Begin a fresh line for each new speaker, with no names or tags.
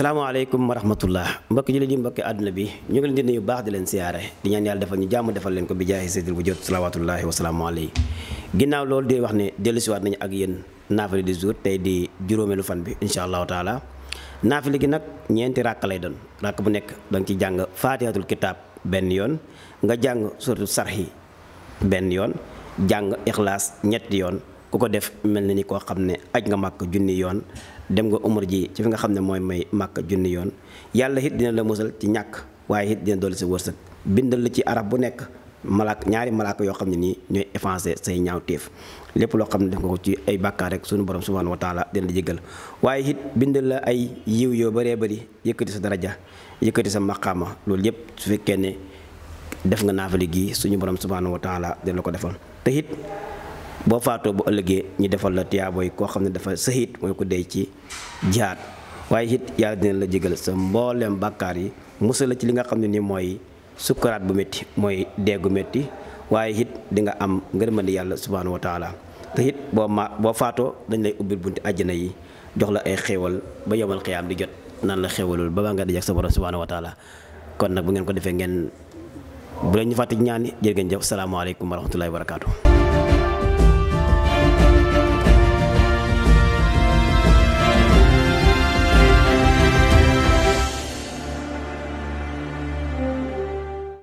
asalaamaaleykum wa rahmatullah mbokki jullit yi mbokki àdduna bi ñu ngi leen di nuyu baax di leen siyaare di ñaan yàlla defal ñu jàmm defal leen ko bi jaahi seydil bu jot salawaatullahi wa salaamu ginnaaw loolu di wax ni ne dellusiwaat nañu ak yéen naafali du jour tey di juróomeelu fan bi incha allahu taala naafali gi nag ñeenti ràkk lay doon ràkk bu nekk da nga ci jàng faatihatul kitaab benn yoon nga jàng suratu sarhi benn yoon jàng ixlaas ñetti yoon ku ko def mel na ni koo xam ne aj nga màkk junni yoon dem nga umar ji ci fi nga xam ne mooy may màkk junni yoon yàlla it dina la musal ci ñàkk waaye it dina dolli sa wërsëg bindal la ci arab bu nekk malaak ñaari malaaka yoo xam ne nii ñooy effacé say ñaawteef lépp loo xam ne def nga ko ci ay bàkkaar rek sunu borom subhanahu wa taala dina la jéggal waaye it bindal la ay yiw yoo bëree bëri yëkkati sa daraja yëkkati sa maqaama loolu yëpp su fekkee ne def nga naafali gii suñu borom subhanahu wa taala dina la ko defal te it boo faatoo bu ëllëgee ñu defal la tiyaaboo yi koo xam ne dafa sahit mooy ko dee ci jihaad waaye it yàlla dina la jégal sa mbooleem bàkkaar yi musal la ci li nga xam ne ni mooy sukkaraat bu metti mooy deegu metti waaye it di nga am ngërmande yàlla subhaanahu wa taala te it boo maa boo faatoo dañ lay ubbil bunti àjjana yi jox la ay xewal ba yomal xiyaam di jot naan la xéewalul ba baa nga dajeek sa borom subhaanahu wa taala kon nag bu ngeen ko defee ngeen bu leen ñu fàtte ñaani jërë ngeen salaamaaleykum wa rahmatullahi wa